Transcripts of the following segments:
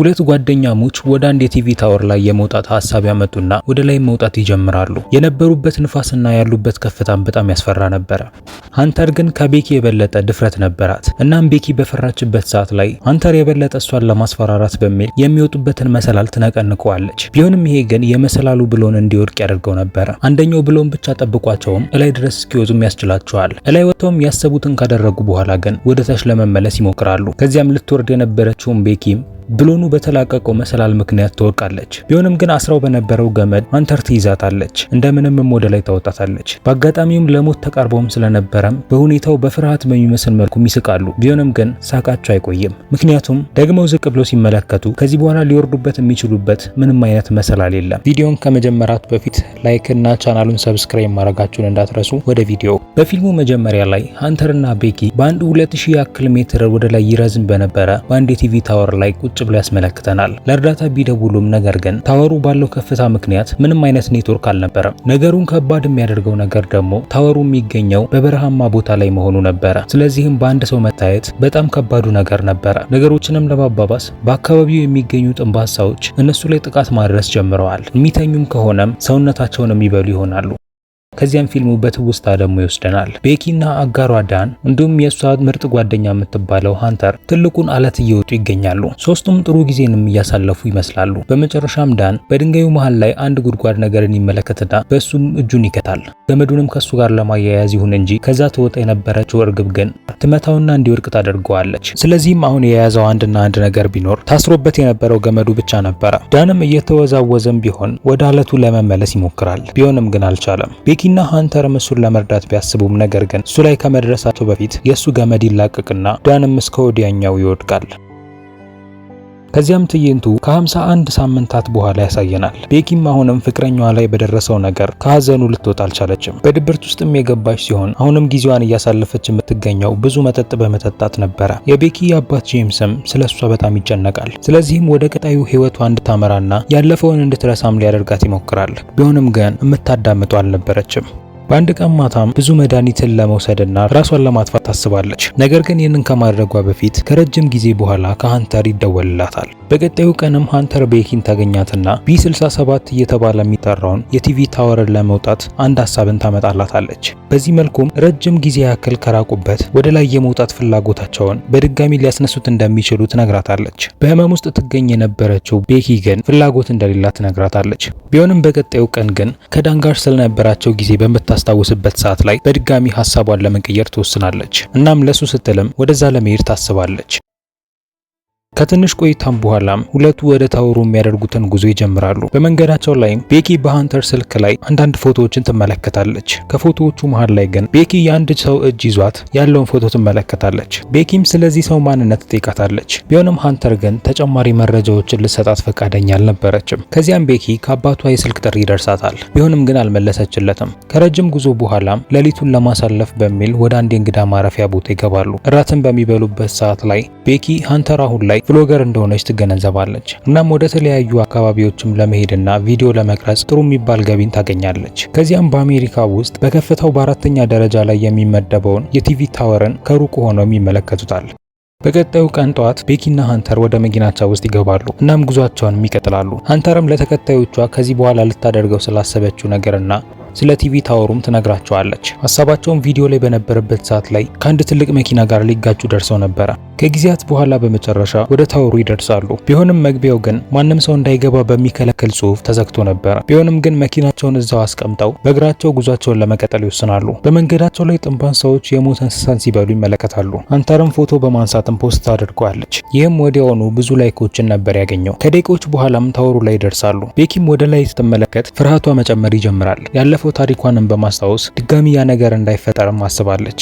ሁለት ጓደኛሞች ወደ አንድ የቲቪ ታወር ላይ የመውጣት ሀሳብ ያመጡና ወደ ላይ መውጣት ይጀምራሉ። የነበሩበት ንፋስና ያሉበት ከፍታም በጣም ያስፈራ ነበረ። ሀንተር ግን ከቤኪ የበለጠ ድፍረት ነበራት። እናም ቤኪ በፈራችበት ሰዓት ላይ ሀንተር የበለጠ እሷን ለማስፈራራት በሚል የሚወጡበትን መሰላል ትነቀንቀዋለች። ቢሆንም ይሄ ግን የመሰላሉ ብሎን እንዲወድቅ ያደርገው ነበረ። አንደኛው ብሎን ብቻ ጠብቋቸውም እላይ ድረስ እስኪወጡም ያስችላቸዋል። እላይ ወጥተውም ያሰቡትን ካደረጉ በኋላ ግን ወደ ታች ለመመለስ ይሞክራሉ። ከዚያም ልትወርድ የነበረችውን ቤኪም ብሎኑ በተላቀቀው መሰላል ምክንያት ትወድቃለች። ቢሆንም ግን አስራው በነበረው ገመድ አንተር ትይዛታለች፣ እንደምንም ወደ ላይ ታወጣታለች። በአጋጣሚውም ለሞት ተቃርቦም ስለነበረም በሁኔታው በፍርሃት በሚመስል መልኩም ይስቃሉ። ቢሆንም ግን ሳቃቸው አይቆይም፣ ምክንያቱም ደግመው ዝቅ ብሎ ሲመለከቱ ከዚህ በኋላ ሊወርዱበት የሚችሉበት ምንም አይነት መሰላል የለም። ቪዲዮን ከመጀመራት በፊት ላይክ እና ቻናሉን ሰብስክራይብ ማድረጋችሁን እንዳትረሱ። ወደ ቪዲዮ በፊልሙ መጀመሪያ ላይ ሀንተርና ቤኪ በአንድ 2000 ያክል ሜትር ወደ ላይ ይረዝም በነበረ በአንድ የቲቪ ታወር ላይ ቁጭ ብሎ ያስመለክተናል። ለእርዳታ ቢደውሉም ነገር ግን ታወሩ ባለው ከፍታ ምክንያት ምንም አይነት ኔትወርክ አልነበረም። ነገሩን ከባድ የሚያደርገው ነገር ደግሞ ታወሩ የሚገኘው በበረሃማ ቦታ ላይ መሆኑ ነበረ። ስለዚህም በአንድ ሰው መታየት በጣም ከባዱ ነገር ነበረ። ነገሮችንም ለማባባስ በአካባቢው የሚገኙ ጥንባሳዎች እነሱ ላይ ጥቃት ማድረስ ጀምረዋል። የሚተኙም ከሆነም ሰውነታቸውን የሚበሉ ይሆናሉ። ከዚያም ፊልሙ በትውስታ ደግሞ ይወስደናል። ቤኪና አጋሯ ዳን እንዲሁም የእሷ ምርጥ ጓደኛ የምትባለው ሃንተር ትልቁን አለት እየወጡ ይገኛሉ። ሶስቱም ጥሩ ጊዜንም እያሳለፉ ይመስላሉ። በመጨረሻም ዳን በድንጋዩ መሃል ላይ አንድ ጉድጓድ ነገርን ይመለከትና በእሱም እጁን ይከታል። ገመዱንም ከሱ ጋር ለማያያዝ ይሁን እንጂ ከዛ ትወጣ የነበረችው እርግብ ግን ትመታውና እንዲወድቅ ታደርገዋለች። ስለዚህም አሁን የያዘው አንድና አንድ ነገር ቢኖር ታስሮበት የነበረው ገመዱ ብቻ ነበረ። ዳንም እየተወዛወዘም ቢሆን ወደ አለቱ ለመመለስ ይሞክራል። ቢሆንም ግን አልቻለም። ቤኪ ኒኪና ሀንተር እሱን ለመርዳት ቢያስቡም ነገር ግን እሱ ላይ ከመድረሳቸው በፊት የእሱ ገመድ ይላቀቅና ዳንም እስከ ወዲያኛው ይወድቃል። ከዚያም ትዕይንቱ ከ51 ሳምንታት በኋላ ያሳየናል። ቤኪም አሁንም ፍቅረኛዋ ላይ በደረሰው ነገር ከሀዘኑ ልትወጣ አልቻለችም። በድብርት ውስጥም የገባች ሲሆን አሁንም ጊዜዋን እያሳለፈች የምትገኘው ብዙ መጠጥ በመጠጣት ነበረ። የቤኪ አባት ጄምስም ስለ እሷ በጣም ይጨነቃል። ስለዚህም ወደ ቀጣዩ ህይወቷ እንድታመራና ያለፈውን እንድትረሳም ሊያደርጋት ይሞክራል። ቢሆንም ግን የምታዳምጡ አልነበረችም። በአንድ ቀን ማታም ብዙ መድኃኒትን ለመውሰድና ራሷን ለማጥፋት ታስባለች። ነገር ግን ይህንን ከማድረጓ በፊት ከረጅም ጊዜ በኋላ ከሀንተር ይደወልላታል። በቀጣዩ ቀንም ሀንተር ቤኪን ታገኛትና ቢ67 እየተባለ የሚጠራውን የቲቪ ታወርን ለመውጣት አንድ ሀሳብን ታመጣላታለች። በዚህ መልኩም ረጅም ጊዜ ያክል ከራቁበት ወደ ላይ የመውጣት ፍላጎታቸውን በድጋሚ ሊያስነሱት እንደሚችሉ ትነግራታለች። በህመም ውስጥ ትገኝ የነበረችው ቤኪ ግን ፍላጎት እንደሌላ ትነግራታለች። ቢሆንም በቀጣዩ ቀን ግን ከዳን ጋር ስለነበራቸው ጊዜ በምታ በምታስታውስበት ሰዓት ላይ በድጋሚ ሀሳቧን ለመቀየር ትወስናለች። እናም ለሱ ስትልም ወደዛ ለመሄድ ታስባለች። ከትንሽ ቆይታም በኋላም ሁለቱ ወደ ታወሩ የሚያደርጉትን ጉዞ ይጀምራሉ። በመንገዳቸው ላይም ቤኪ በሀንተር ስልክ ላይ አንዳንድ ፎቶዎችን ትመለከታለች። ከፎቶዎቹ መሃል ላይ ግን ቤኪ የአንድ ሰው እጅ ይዟት ያለውን ፎቶ ትመለከታለች። ቤኪም ስለዚህ ሰው ማንነት ትጠይቃታለች። ቢሆንም ሀንተር ግን ተጨማሪ መረጃዎችን ልሰጣት ፈቃደኛ አልነበረችም። ከዚያም ቤኪ ከአባቷ የስልክ ጥሪ ይደርሳታል። ቢሆንም ግን አልመለሰችለትም። ከረጅም ጉዞ በኋላም ሌሊቱን ለማሳለፍ በሚል ወደ አንድ የእንግዳ ማረፊያ ቦታ ይገባሉ። እራትን በሚበሉበት ሰዓት ላይ ቤኪ ሀንተር አሁን ላይ ብሎገር እንደሆነች ትገነዘባለች። እናም ወደ ተለያዩ አካባቢዎችም ለመሄድና ቪዲዮ ለመቅረጽ ጥሩ የሚባል ገቢን ታገኛለች። ከዚያም በአሜሪካ ውስጥ በከፍታው በአራተኛ ደረጃ ላይ የሚመደበውን የቲቪ ታወርን ከሩቅ ሆነው ይመለከቱታል። በቀጣዩ ቀን ጠዋት ቤኪና ሀንተር ወደ መኪናቸው ውስጥ ይገባሉ። እናም ጉዟቸውንም ይቀጥላሉ። ሀንተርም ለተከታዮቿ ከዚህ በኋላ ልታደርገው ስላሰበችው ነገርና ስለ ቲቪ ታወሩም ትነግራቸዋለች። ሀሳባቸውን ቪዲዮ ላይ በነበረበት ሰዓት ላይ ከአንድ ትልቅ መኪና ጋር ሊጋጩ ደርሰው ነበረ። ከጊዜያት በኋላ በመጨረሻ ወደ ታወሩ ይደርሳሉ። ቢሆንም መግቢያው ግን ማንም ሰው እንዳይገባ በሚከለከል ጽሑፍ ተዘግቶ ነበረ። ቢሆንም ግን መኪናቸውን እዛው አስቀምጠው በእግራቸው ጉዟቸውን ለመቀጠል ይወስናሉ። በመንገዳቸው ላይ ጥንባን ሰዎች የሞት እንስሳን ሲበሉ ይመለከታሉ። አንታርም ፎቶ በማንሳትም ፖስት አድርጓለች። ይህም ወዲያውኑ ብዙ ላይኮችን ነበር ያገኘው። ከደቂቆች በኋላም ታወሩ ላይ ይደርሳሉ። ቤኪም ወደ ላይ ስትመለከት ፍርሃቷ መጨመር ይጀምራል። ያለፈው ታሪኳንም በማስታወስ ድጋሚ ያ ነገር እንዳይፈጠርም አስባለች።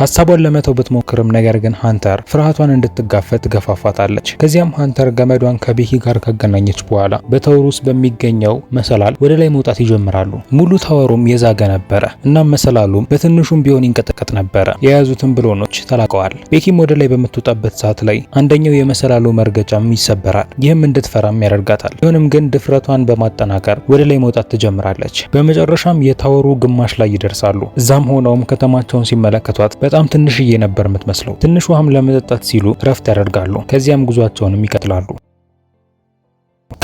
ሀሳቧን ለመተው ብትሞክርም ነገር ግን ሀንተር ፍርሃቷን እንድትጋፈጥ ገፋፋታለች። ከዚያም ሀንተር ገመዷን ከቤኪ ጋር ካገናኘች በኋላ በታወር ውስጥ በሚገኘው መሰላል ወደ ላይ መውጣት ይጀምራሉ። ሙሉ ታወሩም የዛገ ነበረ። እናም መሰላሉም በትንሹም ቢሆን ይንቀጠቀጥ ነበረ። የያዙትን ብሎኖች ተላቀዋል። ቤኪም ወደ ላይ በምትወጣበት ሰዓት ላይ አንደኛው የመሰላሉ መርገጫም ይሰበራል። ይህም እንድትፈራም ያደርጋታል። ቢሆንም ግን ድፍረቷን በማጠናከር ወደ ላይ መውጣት ትጀምራለች። በመጨረሻም የታወሩ ግማሽ ላይ ይደርሳሉ። እዛም ሆነውም ከተማቸውን ሲመለከቷት በጣም ትንሽዬ ነበር የምትመስለው። ትንሽ ውሃም ለመጠጣት ሲሉ ረፍት ያደርጋሉ። ከዚያም ጉዟቸውንም ይቀጥላሉ።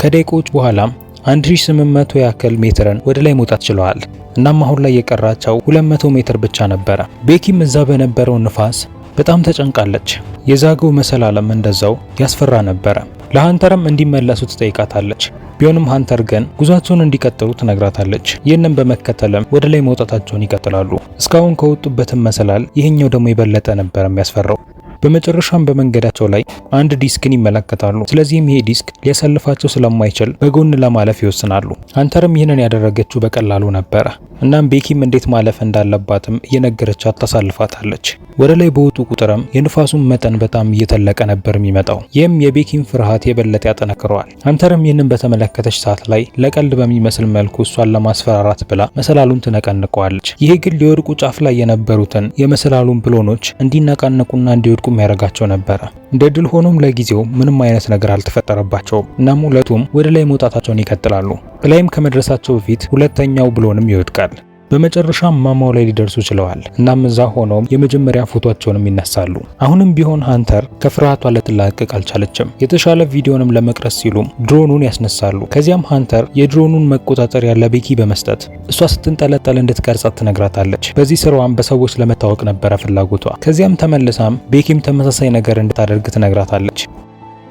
ከደቂቆች በኋላም 1800 ያክል ሜትርን ወደ ላይ መውጣት ችለዋል። እናም አሁን ላይ የቀራቸው 200 ሜትር ብቻ ነበረ። ቤኪም እዛ በነበረው ንፋስ በጣም ተጨንቃለች። የዛገው መሰላለም እንደዛው ያስፈራ ነበረ። ለሀንተርም እንዲመለሱ ትጠይቃታለች። ቢሆንም ሀንተር ግን ጉዟቸውን እንዲቀጥሉ ትነግራታለች። ይህንን በመከተልም ወደ ላይ መውጣታቸውን ይቀጥላሉ። እስካሁን ከወጡበትም መሰላል ይህኛው ደግሞ የበለጠ ነበር የሚያስፈራው። በመጨረሻም በመንገዳቸው ላይ አንድ ዲስክን ይመለከታሉ። ስለዚህም ይሄ ዲስክ ሊያሳልፋቸው ስለማይችል በጎን ለማለፍ ይወስናሉ። አንተርም ይህንን ያደረገችው በቀላሉ ነበረ። እናም ቤኪም እንዴት ማለፍ እንዳለባትም እየነገረቻት ታሳልፋታለች። ወደ ላይ በወጡ ቁጥርም የንፋሱን መጠን በጣም እየተለቀ ነበር የሚመጣው። ይህም የቤኪን ፍርሃት የበለጠ ያጠነክረዋል። አንተርም ይህንን በተመለከተች ሰዓት ላይ ለቀልድ በሚመስል መልኩ እሷን ለማስፈራራት ብላ መሰላሉን ትነቀንቀዋለች። ይሄ ግን ሊወድቁ ጫፍ ላይ የነበሩትን የመሰላሉን ብሎኖች እንዲነቃነቁና እንዲወድቁ እንዲወድቁም ያደርጋቸው ነበረ። እንደ ድል ሆኖም ለጊዜው ምንም አይነት ነገር አልተፈጠረባቸውም። እናም ሁለቱም ወደ ላይ መውጣታቸውን ይቀጥላሉ። ላይም ከመድረሳቸው በፊት ሁለተኛው ብሎንም ይወድቃል። በመጨረሻ ማማው ላይ ሊደርሱ ችለዋል። እናም እዛ ሆነውም የመጀመሪያ ፎቶቸውንም ይነሳሉ። አሁንም ቢሆን ሃንተር ከፍርሃቷ ልትላቀቅ አልቻለችም። የተሻለ ቪዲዮንም ለመቅረጽ ሲሉም ድሮኑን ያስነሳሉ። ከዚያም ሃንተር የድሮኑን መቆጣጠሪያ ለቤኪ በመስጠት እሷ ስትንጠለጠል እንድትቀርጻት ትነግራታለች። በዚህ ስራዋም በሰዎች ለመታወቅ ነበረ ፍላጎቷ። ከዚያም ተመልሳም ቤኪም ተመሳሳይ ነገር እንድታደርግ ትነግራታለች።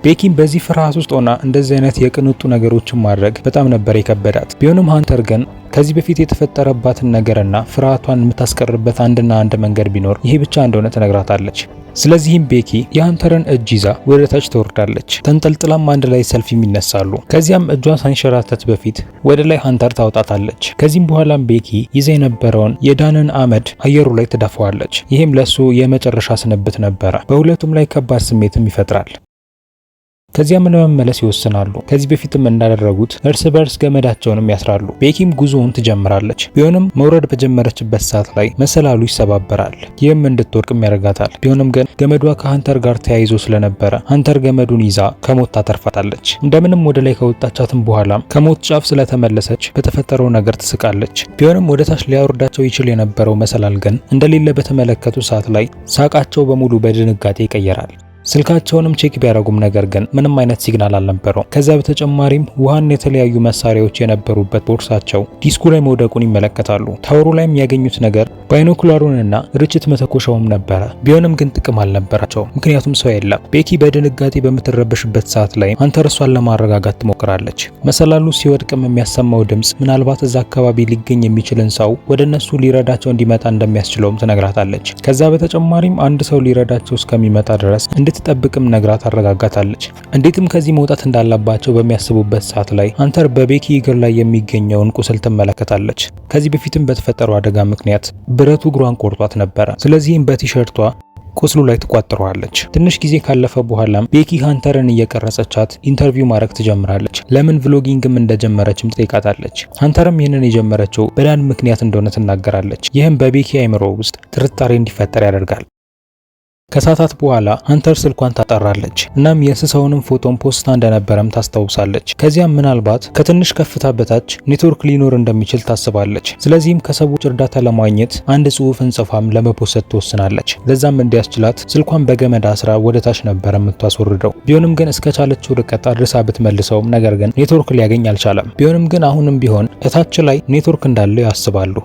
ቤኪም በዚህ ፍርሃት ውስጥ ሆና እንደዚህ አይነት የቅንጡ ነገሮችን ማድረግ በጣም ነበር የከበዳት። ቢሆንም ሀንተር ግን ከዚህ በፊት የተፈጠረባትን ነገርና ፍርሃቷን የምታስቀርበት አንድና አንድ መንገድ ቢኖር ይሄ ብቻ እንደሆነ ትነግራታለች። ስለዚህም ቤኪ የሀንተርን እጅ ይዛ ወደ ታች ትወርዳለች። ተንጠልጥላም አንድ ላይ ሰልፍ ይነሳሉ። ከዚያም እጇን ሳንሸራተት በፊት ወደ ላይ ሀንተር ታውጣታለች። ከዚህም በኋላም ቤኪ ይዛ የነበረውን የዳንን አመድ አየሩ ላይ ትዳፈዋለች። ይህም ለሱ የመጨረሻ ስንብት ነበረ። በሁለቱም ላይ ከባድ ስሜትም ይፈጥራል። ከዚያም ለመመለስ ይወስናሉ። ከዚህ በፊትም እንዳደረጉት እርስ በርስ ገመዳቸውንም ያስራሉ። ቤኪም ጉዞውን ትጀምራለች። ቢሆንም መውረድ በጀመረችበት ሰዓት ላይ መሰላሉ ይሰባበራል። ይህም እንድትወርቅም ያደርጋታል። ቢሆንም ግን ገመዷ ከሀንተር ጋር ተያይዞ ስለነበረ ሀንተር ገመዱን ይዛ ከሞት ታተርፋታለች። እንደምንም ወደ ላይ ከወጣቻትም በኋላም ከሞት ጫፍ ስለተመለሰች በተፈጠረው ነገር ትስቃለች። ቢሆንም ወደ ታች ሊያወርዳቸው ይችል የነበረው መሰላል ግን እንደሌለ በተመለከቱ ሰዓት ላይ ሳቃቸው በሙሉ በድንጋጤ ይቀየራል። ስልካቸውንም ቼክ ቢያደርጉም ነገር ግን ምንም አይነት ሲግናል አልነበረው። ከዚያ በተጨማሪም ውሃን የተለያዩ መሳሪያዎች የነበሩበት ቦርሳቸው ዲስኩ ላይ መውደቁን ይመለከታሉ። ታወሩ ላይም ያገኙት ነገር ባይኖኩላሩንና ርችት መተኮሻውም ነበረ። ቢሆንም ግን ጥቅም አልነበራቸው ምክንያቱም ሰው የለም። ቤኪ በድንጋጤ በምትረበሽበት ሰዓት ላይ አንተር እሷን ለማረጋጋት ትሞክራለች። መሰላሉ ሲወድቅም የሚያሰማው ድምፅ ምናልባት እዛ አካባቢ ሊገኝ የሚችልን ሰው ወደ እነሱ ሊረዳቸው እንዲመጣ እንደሚያስችለውም ትነግራታለች። ከዛ በተጨማሪም አንድ ሰው ሊረዳቸው እስከሚመጣ ድረስ እንድትጠብቅም ነግራ ታረጋጋታለች። እንዴትም ከዚህ መውጣት እንዳለባቸው በሚያስቡበት ሰዓት ላይ አንተር በቤኪ እግር ላይ የሚገኘውን ቁስል ትመለከታለች። ከዚህ በፊትም በተፈጠሩ አደጋ ምክንያት ብረቱ እግሯን ቆርጧት ነበረ። ስለዚህም በቲሸርቷ ቁስሉ ላይ ትቋጥረዋለች። ትንሽ ጊዜ ካለፈ በኋላም ቤኪ ሀንተርን እየቀረጸቻት ኢንተርቪው ማድረግ ትጀምራለች። ለምን ቭሎጊንግም እንደጀመረችም ትጠይቃታለች። ሀንተርም ይህንን የጀመረችው በዳን ምክንያት እንደሆነ ትናገራለች። ይህም በቤኪ አይምሮ ውስጥ ጥርጣሬ እንዲፈጠር ያደርጋል። ከሰዓታት በኋላ ሀንተር ስልኳን ታጠራለች። እናም የእንስሳውንም ፎቶን ፖስታ እንደነበረም ታስታውሳለች። ከዚያም ምናልባት ከትንሽ ከፍታ በታች ኔትወርክ ሊኖር እንደሚችል ታስባለች። ስለዚህም ከሰዎች እርዳታ ለማግኘት አንድ ጽሑፍ እንጽፋም ለመፖሰት ትወስናለች። ለዛም እንዲያስችላት ስልኳን በገመድ አስራ ወደ ታች ነበር የምታስወርደው። ቢሆንም ግን እስከቻለችው ርቀት አድርሳ ብትመልሰውም ነገር ግን ኔትወርክ ሊያገኝ አልቻለም። ቢሆንም ግን አሁንም ቢሆን እታች ላይ ኔትወርክ እንዳለው ያስባሉ።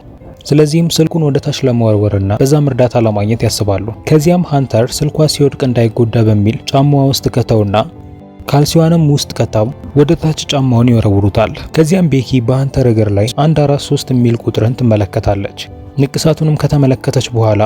ስለዚህም ስልኩን ወደ ታች ለመወርወርና በዛም እርዳታ ለማግኘት ያስባሉ። ከዚያም ሃንተር ስልኳ ሲወድቅ እንዳይጎዳ በሚል ጫማዋ ውስጥ ከተውና ካልሲዋንም ውስጥ ከታው ወደ ታች ጫማውን ይወረውሩታል። ከዚያም ቤኪ በሃንተር እግር ላይ 143 የሚል ቁጥርን ትመለከታለች። ንቅሳቱንም ከተመለከተች በኋላ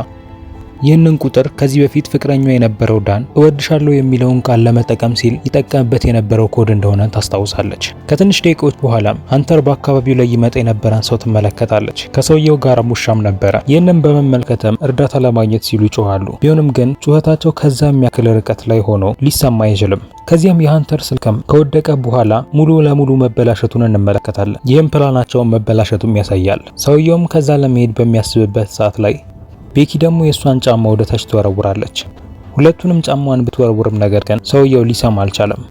ይህንን ቁጥር ከዚህ በፊት ፍቅረኛ የነበረው ዳን እወድሻለሁ የሚለውን ቃል ለመጠቀም ሲል ይጠቀምበት የነበረው ኮድ እንደሆነ ታስታውሳለች። ከትንሽ ደቂቃዎች በኋላም ሀንተር በአካባቢው ላይ ይመጣ የነበረን ሰው ትመለከታለች። ከሰውየው ጋር ሙሻም ነበረ። ይህንን በመመልከተም እርዳታ ለማግኘት ሲሉ ይጮኋሉ። ቢሆንም ግን ጩኸታቸው ከዛ የሚያክል ርቀት ላይ ሆኖ ሊሰማ አይችልም። ከዚያም የሀንተር ስልክም ከወደቀ በኋላ ሙሉ ለሙሉ መበላሸቱን እንመለከታለን። ይህም ፕላናቸውን መበላሸቱም ያሳያል። ሰውየውም ከዛ ለመሄድ በሚያስብበት ሰዓት ላይ ቤኪ ደግሞ የእሷን ጫማ ወደ ታች ትወረውራለች። ሁለቱንም ጫማዋን ብትወረውርም ነገር ግን ሰውየው ሊሰማ አልቻለም።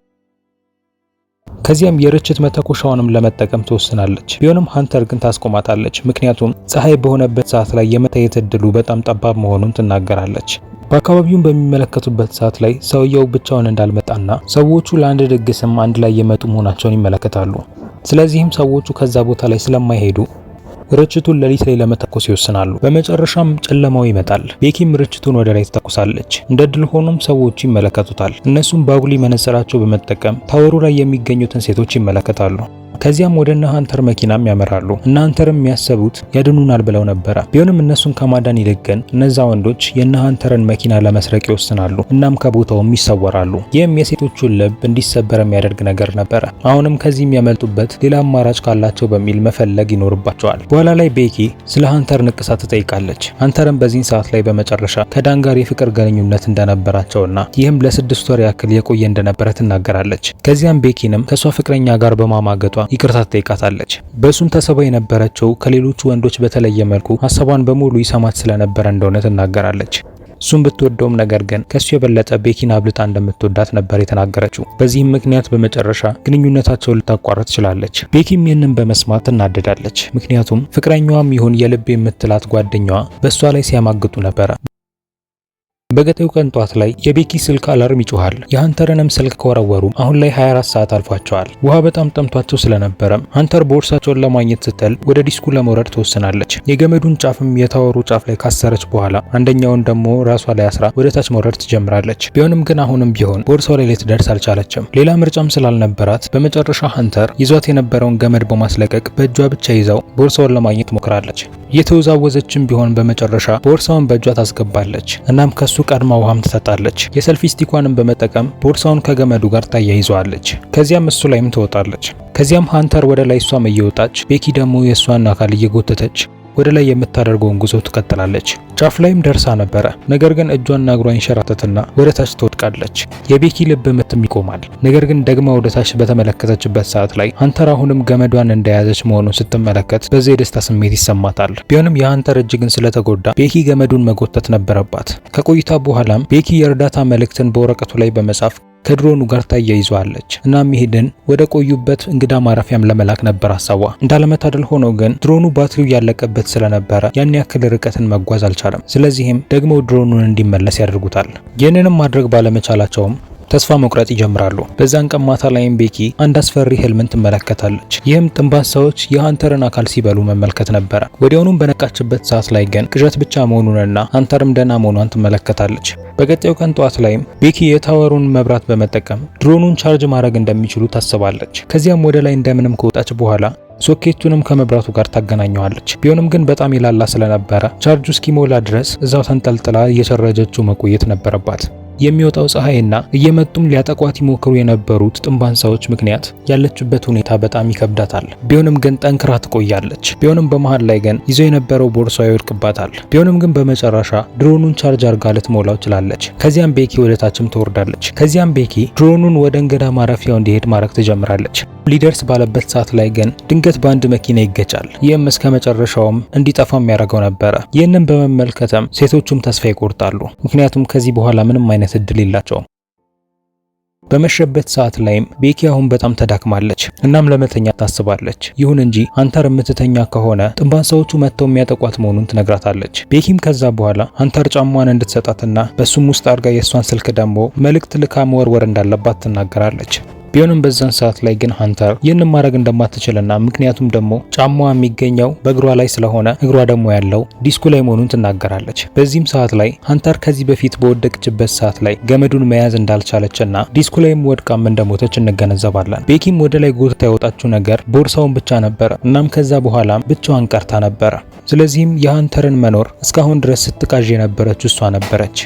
ከዚያም የርችት መተኮሻውንም ለመጠቀም ትወስናለች። ቢሆንም ሀንተር ግን ታስቆማታለች። ምክንያቱም ፀሐይ በሆነበት ሰዓት ላይ የመታየት እድሉ በጣም ጠባብ መሆኑን ትናገራለች። በአካባቢውን በሚመለከቱበት ሰዓት ላይ ሰውየው ብቻውን እንዳልመጣና ሰዎቹ ለአንድ ድግስም አንድ ላይ የመጡ መሆናቸውን ይመለከታሉ። ስለዚህም ሰዎቹ ከዛ ቦታ ላይ ስለማይሄዱ ርችቱን ሌሊት ላይ ለመተኮስ ይወስናሉ። በመጨረሻም ጨለማው ይመጣል። ቤኪም ርችቱን ወደ ላይ ትተኩሳለች። እንደ ድል ሆኖም ሰዎች ይመለከቱታል። እነሱም ባጉሊ መነጽራቸው በመጠቀም ታወሩ ላይ የሚገኙትን ሴቶች ይመለከታሉ። ከዚያም ወደ እነ ሀንተር መኪናም ያመራሉ እና ሀንተርም የሚያሰቡት ያድኑናል ብለው ነበረ። ቢሆንም እነሱን ከማዳን ይልቅ ግን እነዛ ወንዶች የእነ ሀንተርን መኪና ለመስረቅ ይወስናሉ። እናም ከቦታውም ይሰወራሉ። ይህም የሴቶቹን ልብ እንዲሰበር የሚያደርግ ነገር ነበረ። አሁንም ከዚህ የሚያመልጡበት ሌላ አማራጭ ካላቸው በሚል መፈለግ ይኖርባቸዋል። በኋላ ላይ ቤኪ ስለ ሀንተር ንቅሳት ትጠይቃለች። ሀንተርም በዚህን ሰዓት ላይ በመጨረሻ ከዳን ጋር የፍቅር ግንኙነት እንደነበራቸውና ይህም ለስድስት ወር ያክል የቆየ እንደነበረ ትናገራለች። ከዚያም ቤኪንም ከእሷ ፍቅረኛ ጋር በማማገጧ ይቅርታ ትጠይቃታለች። በእሱም ተስባ የነበረችው ከሌሎቹ ወንዶች በተለየ መልኩ ሀሳቧን በሙሉ ይሰማት ስለነበረ እንደሆነ ትናገራለች። እሱም ብትወደውም ነገር ግን ከሱ የበለጠ ቤኪን አብልጣ እንደምትወዳት ነበር የተናገረችው። በዚህም ምክንያት በመጨረሻ ግንኙነታቸውን ልታቋረጥ ትችላለች። ቤኪም ይህንን በመስማት ትናደዳለች። ምክንያቱም ፍቅረኛዋም ይሁን የልብ የምትላት ጓደኛዋ በእሷ ላይ ሲያማግጡ ነበረ። በገጠው ቀን ጧት ላይ የቤኪ ስልክ አላርም ይጮሃል። የሀንተርንም ስልክ ከወረወሩ አሁን ላይ 24 ሰዓት አልፏቸዋል። ውሃ በጣም ጠምቷቸው ስለነበረም ሀንተር ቦርሳቸውን ለማግኘት ስትል ወደ ዲስኩ ለመውረድ ትወስናለች። የገመዱን ጫፍም የታወሩ ጫፍ ላይ ካሰረች በኋላ አንደኛውን ደግሞ ራሷ ላይ አስራ ወደ ታች መውረድ ትጀምራለች። ቢሆንም ግን አሁንም ቢሆን ቦርሳው ላይ ልትደርስ አልቻለችም። ሌላ ምርጫም ስላልነበራት በመጨረሻ ሀንተር ይዟት የነበረውን ገመድ በማስለቀቅ በእጇ ብቻ ይዛው ቦርሳውን ለማግኘት ትሞክራለች። የተወዛወዘችም ቢሆን በመጨረሻ ቦርሳውን በእጇ ታስገባለች። እናም ከሱ ቀድማ ውሃም ትሰጣለች። የሰልፊ ስቲኳንም በመጠቀም ቦርሳውን ከገመዱ ጋር ታያይዘዋለች። ከዚያም እሱ ላይም ትወጣለች። ከዚያም ሃንተር ወደ ላይ እሷም እየወጣች ቤኪ ደግሞ የእሷን አካል እየጎተተች ወደ ላይ የምታደርገውን ጉዞ ትቀጥላለች። ጫፍ ላይም ደርሳ ነበረ። ነገር ግን እጇና እግሯ ይንሸራተትና ወደ ታች ትወድቃለች። የቤኪ ልብ ምትም ይቆማል። ነገር ግን ደግማ ወደ ታች በተመለከተችበት ሰዓት ላይ ሀንተር አሁንም ገመዷን እንደያዘች መሆኑን ስትመለከት በዚህ የደስታ ስሜት ይሰማታል። ቢሆንም የሀንተር እጅግን ስለተጎዳ ቤኪ ገመዱን መጎተት ነበረባት። ከቆይታ በኋላም ቤኪ የእርዳታ መልእክትን በወረቀቱ ላይ በመጻፍ ከድሮኑ ጋር ታያይዘዋለች። እናም ይሄድን ወደ ቆዩበት እንግዳ ማረፊያም ለመላክ ነበር ሀሳቧ። እንዳለመታደል ሆኖ ግን ድሮኑ ባትሪው ያለቀበት ስለነበረ ያን ያክል ርቀትን መጓዝ አልቻለም። ስለዚህም ደግሞ ድሮኑን እንዲመለስ ያደርጉታል። ይህንንም ማድረግ ባለመቻላቸውም ተስፋ መቁረጥ ይጀምራሉ። በዛን ቀን ማታ ላይም ቤኪ አንድ አስፈሪ ህልምን ትመለከታለች። ይህም ጥንባሳዎች የሀንተርን አካል ሲበሉ መመልከት ነበረ። ወዲያውኑም በነቃችበት ሰዓት ላይ ግን ቅዠት ብቻ መሆኑንና ሀንተርም ደህና መሆኗን ትመለከታለች። በቀጣዩ ቀን ጠዋት ላይም ቤኪ የታወሩን መብራት በመጠቀም ድሮኑን ቻርጅ ማድረግ እንደሚችሉ ታስባለች። ከዚያም ወደ ላይ እንደምንም ከወጣች በኋላ ሶኬቱንም ከመብራቱ ጋር ታገናኘዋለች። ቢሆንም ግን በጣም ይላላ ስለነበረ ቻርጁ እስኪሞላ ድረስ እዛው ተንጠልጥላ እየሰረጀችው መቆየት ነበረባት። የሚወጣው ፀሐይና እየመጡም ሊያጠቋት ይሞክሩ የነበሩት ጥንብ ምክንያት ያለችበት ሁኔታ በጣም ይከብዳታል። ቢሆንም ግን ጠንክራ ትቆያለች። ቢሆንም በመሃል ላይ ግን ይዞ የነበረው ቦርሷ ይወድቅባታል። ቢሆንም ግን በመጨረሻ ድሮኑን ቻርጅ አርጋ ልትሞላው ችላለች። ከዚያም ቤኪ ወደታችም ትወርዳለች። ከዚያም ቤኪ ድሮኑን ወደ እንግዳ ማረፊያው እንዲሄድ ማድረግ ትጀምራለች። ሊደርስ ባለበት ሰዓት ላይ ግን ድንገት በአንድ መኪና ይገጫል። ይህም እስከ መጨረሻውም እንዲጠፋም ያደረገው ነበረ። ይህንን በመመልከተም ሴቶቹም ተስፋ ይቆርጣሉ። ምክንያቱም ከዚህ በኋላ ምንም አይነት እድል የላቸውም። በመሸበት ሰዓት ላይም ቤኪ አሁን በጣም ተዳክማለች፣ እናም ለመተኛ ታስባለች። ይሁን እንጂ አንተር የምትተኛ ከሆነ ጥንባንሳዎቹ መጥተው የሚያጠቋት መሆኑን ትነግራታለች። ቤኪም ከዛ በኋላ አንተር ጫማዋን እንድትሰጣትና በሱም ውስጥ አድርጋ የእሷን ስልክ ደግሞ መልእክት ልካ መወርወር እንዳለባት ትናገራለች። ቢሆንም በዛን ሰዓት ላይ ግን ሀንተር ይህንን ማድረግ እንደማትችልና ምክንያቱም ደግሞ ጫማዋ የሚገኘው በእግሯ ላይ ስለሆነ እግሯ ደግሞ ያለው ዲስኩ ላይ መሆኑን ትናገራለች። በዚህም ሰዓት ላይ ሀንተር ከዚህ በፊት በወደቀችበት ሰዓት ላይ ገመዱን መያዝ እንዳልቻለችና ዲስኩ ላይም ወድቃም እንደሞተች እንገነዘባለን። ቤኪም ወደ ላይ ጎትታ ያወጣችው ነገር ቦርሳውን ብቻ ነበረ። እናም ከዛ በኋላም ብቻዋን ቀርታ ነበረ። ስለዚህም የሀንተርን መኖር እስካሁን ድረስ ስትቃዥ የነበረች እሷ ነበረች።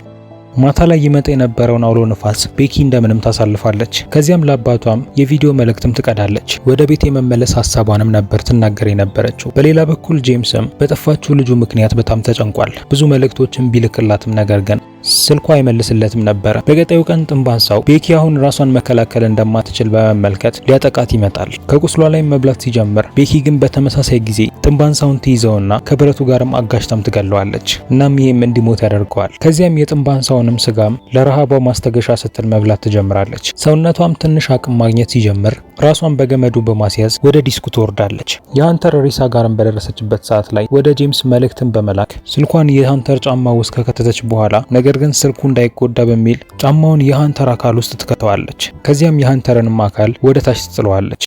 ማታ ላይ ይመጣ የነበረውን አውሎ ንፋስ ቤኪ እንደምንም ታሳልፋለች። ከዚያም ለአባቷም የቪዲዮ መልእክትም ትቀዳለች። ወደ ቤት የመመለስ ሀሳቧንም ነበር ትናገር የነበረችው። በሌላ በኩል ጄምስም በጠፋችው ልጁ ምክንያት በጣም ተጨንቋል። ብዙ መልእክቶችን ቢልክላትም ነገር ግን ስልኳ አይመልስለትም ነበረ። በቀጣዩ ቀን ሳው ቤኪ አሁን ራሷን መከላከል እንደማትችል በመመልከት ሊያጠቃት ይመጣል። ከቁስሏ ላይ መብላት ሲጀምር ቤኪ ግን በተመሳሳይ ጊዜ ጥንባንሳውን ትይዘውና ከብረቱ ጋርም አጋሽታም ትገለዋለች። እናም ይህም እንዲሞት ያደርገዋል። ከዚያም የጥንባንሳውንም ስጋም ለረሃቧ ማስተገሻ ስትል መብላት ትጀምራለች። ሰውነቷም ትንሽ አቅም ማግኘት ሲጀምር ራሷን በገመዱ በማስያዝ ወደ ዲስኩ ትወርዳለች። የሀንተር ሪሳ ጋርም በደረሰችበት ሰዓት ላይ ወደ ጄምስ መልእክትን በመላክ ስልኳን የሀንተር ጫማ ውስጥ ከከተተች በኋላ ነገር ነገር ግን ስልኩ እንዳይጎዳ በሚል ጫማውን የሀንተር አካል ውስጥ ትከተዋለች። ከዚያም የሀንተርንም አካል ወደ ታች ትጥለዋለች።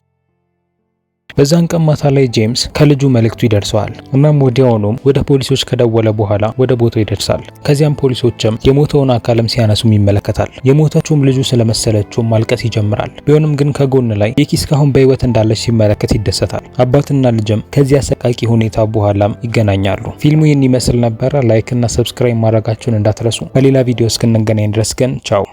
በዛን ቀን ማታ ላይ ጄምስ ከልጁ መልእክቱ ይደርሰዋል። እናም ወዲያውኑም ወደ ፖሊሶች ከደወለ በኋላ ወደ ቦታው ይደርሳል። ከዚያም ፖሊሶችም የሞተውን አካልም ሲያነሱም ይመለከታል። የሞተችውም ልጁ ስለመሰለችው ማልቀስ ይጀምራል። ቢሆንም ግን ከጎን ላይ ቤኪ እስካሁን በህይወት እንዳለች ሲመለከት ይደሰታል። አባትና ልጅም ከዚያ አሰቃቂ ሁኔታ በኋላም ይገናኛሉ። ፊልሙ ይህን ይመስል ነበረ። ላይክ እና ሰብስክራይብ ማድረጋችሁን እንዳትረሱ። በሌላ ቪዲዮ እስክንገናኝ ድረስ ግን ቻው።